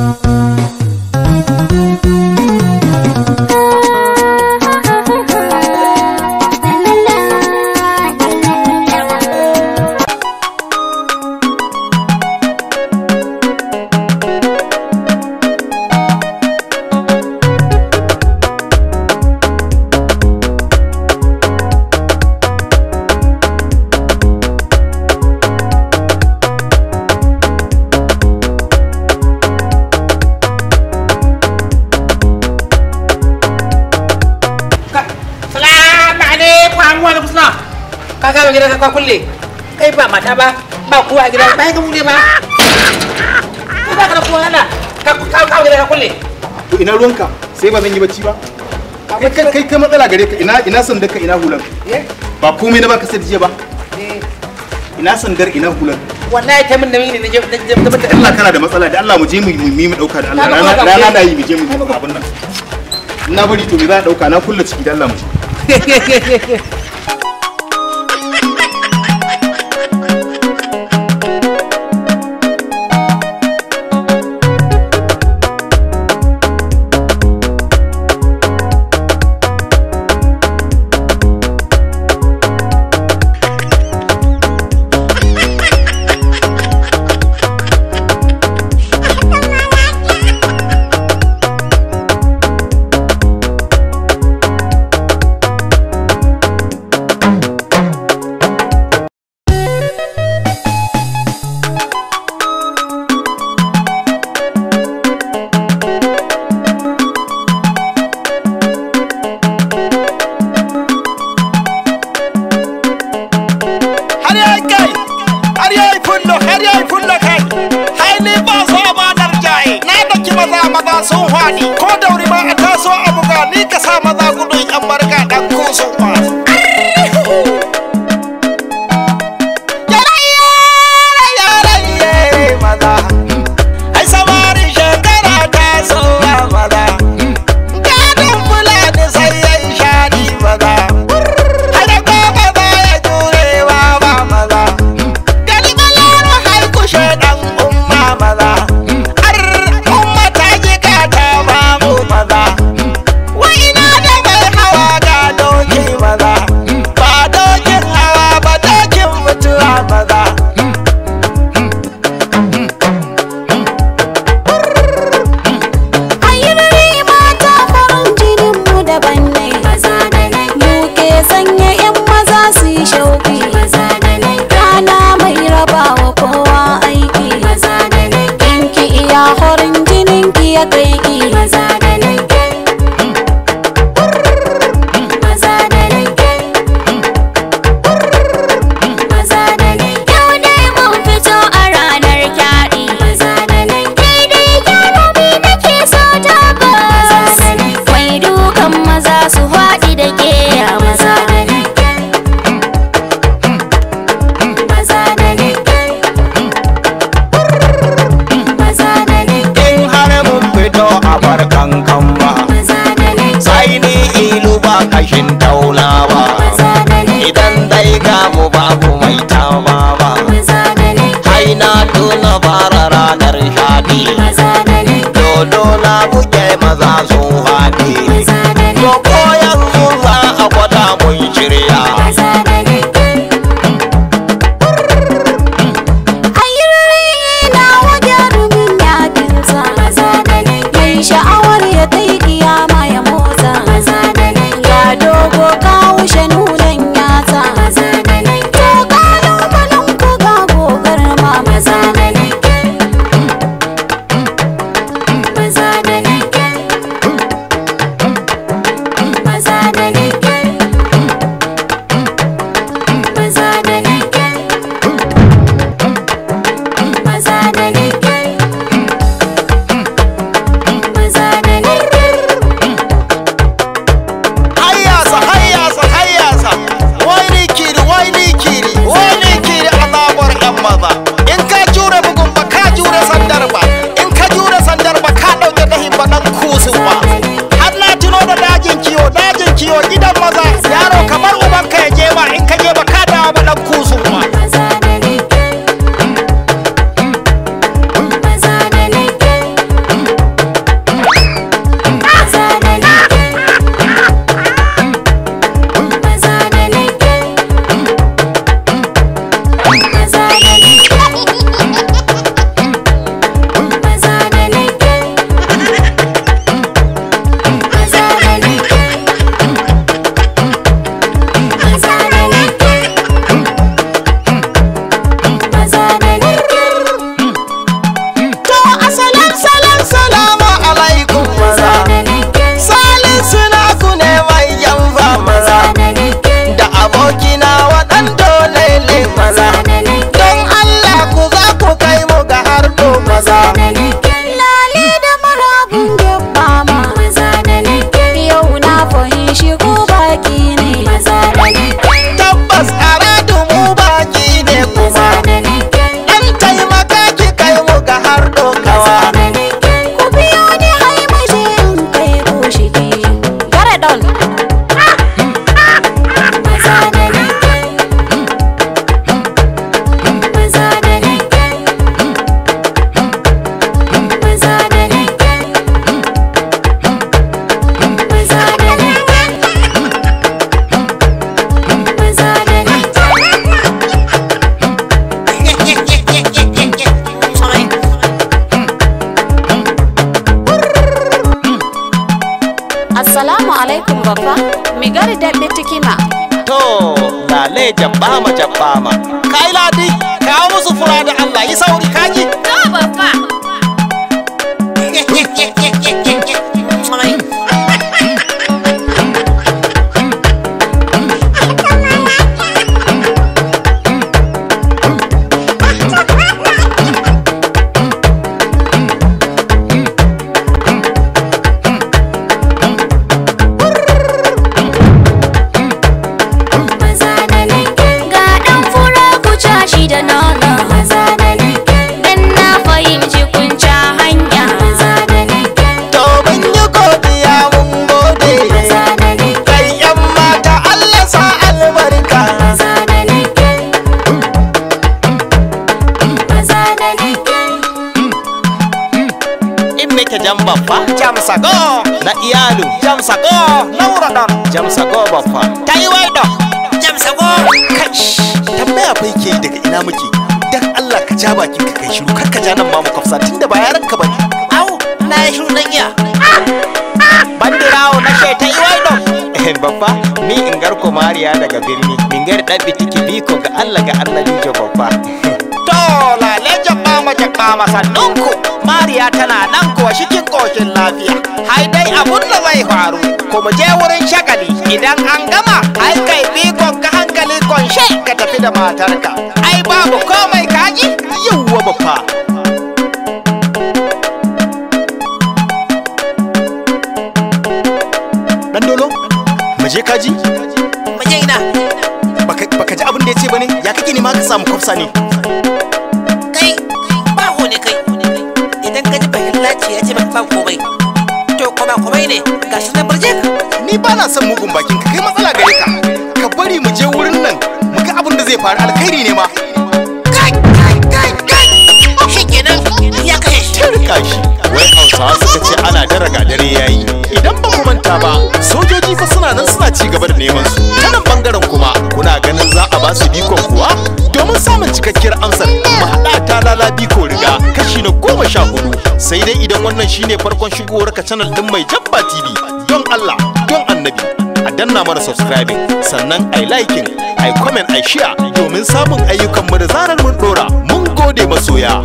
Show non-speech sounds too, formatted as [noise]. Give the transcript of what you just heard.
Thank you. ka kama gidanka ka kulle kai ba mata ba ba kowa gida ba bayan ka kulle ba ko ba ka da kowa ana ka kama gidanka kulle to ina ruwanka sai ba zan yi bacci ba kai kai kai matsala gare ka ina ina sandar ka ina hulan eh? ba komai na baka sai jiya ba eh. ina sandar ina hulan wallahi ta min nauyi ne da je da Allah kana da matsala da Allah mu je mu mu dauka da Allah rana rana da yi mu je mu abin nan na bari to me za dauka na kulla ciki da Allah mu [laughs] maza maza sun haɗi ko dauri ma a taso a buga ni ka sa maza gudun yan barka dan ko sun kwasa kankan ba sai ni ilu ba kashin taula ba idan dai gamu baku mai tama ba hai na tuna bara ranar shaɗi dodo na buke maza sun haɗe que baba mi gari daɗe tikima to lale jabbama jabbama kai ladi kawo musu fura da allah yi sauri kaji to baba. nake jam baffa jam sago na iyalu jam sago na don jam sago baffa taiwai don jam sago kai tambaya fa yake daga ina muke dan Allah ka ja ki ka kai shiru kar ka ja nan ma mu kafsa tunda ba yaran ka bane au na yi shiru nan ya bandirawo nake taiwai don eh, babba ni in garko mariya daga birni min gari dan bitiki biko ga Allah ga Allah lijo babba to lejo! mace kama sannunku mariya tana nan kuwa shikin ƙoshin lafiya hai dai abun da zai faru ku mu je wurin shagali idan an gama ai kai bikon ka hankali konshe ka tafi da matarka ai babu komai kaji yiwuwa babba dan dolo mu je kaji mu je ina baka ji abin da ya ce bane ya kake ne ma ka samu kwafsa ne lalace ya ce ba ba komai to ko ba komai ne ga shi na ka. ni ba na son mugun bakin ka kai matsala gare ka ka bari mu je wurin nan mu ga abin da zai faru alkhairi ne ma kai kai kai kai shi kenan ya kashe shi rika shi wai hausawa suka ce ana daraga dare yayi idan ba mu manta ba sojoji fa suna nan suna ci gaba da neman su ta nan bangaren kuma kuna ganin za a ba su bikon kuwa domin samun cikakkiyar amsar mu haɗa ta lalabi ko riga kashi na goma sha sai dai idan wannan shine farkon shigowar ka channel din mai jabba tv don allah don annabi a danna mana subscribing sannan ai liking ai comment ai share domin samun ayyukan mu da zarar mun dora mun gode masoya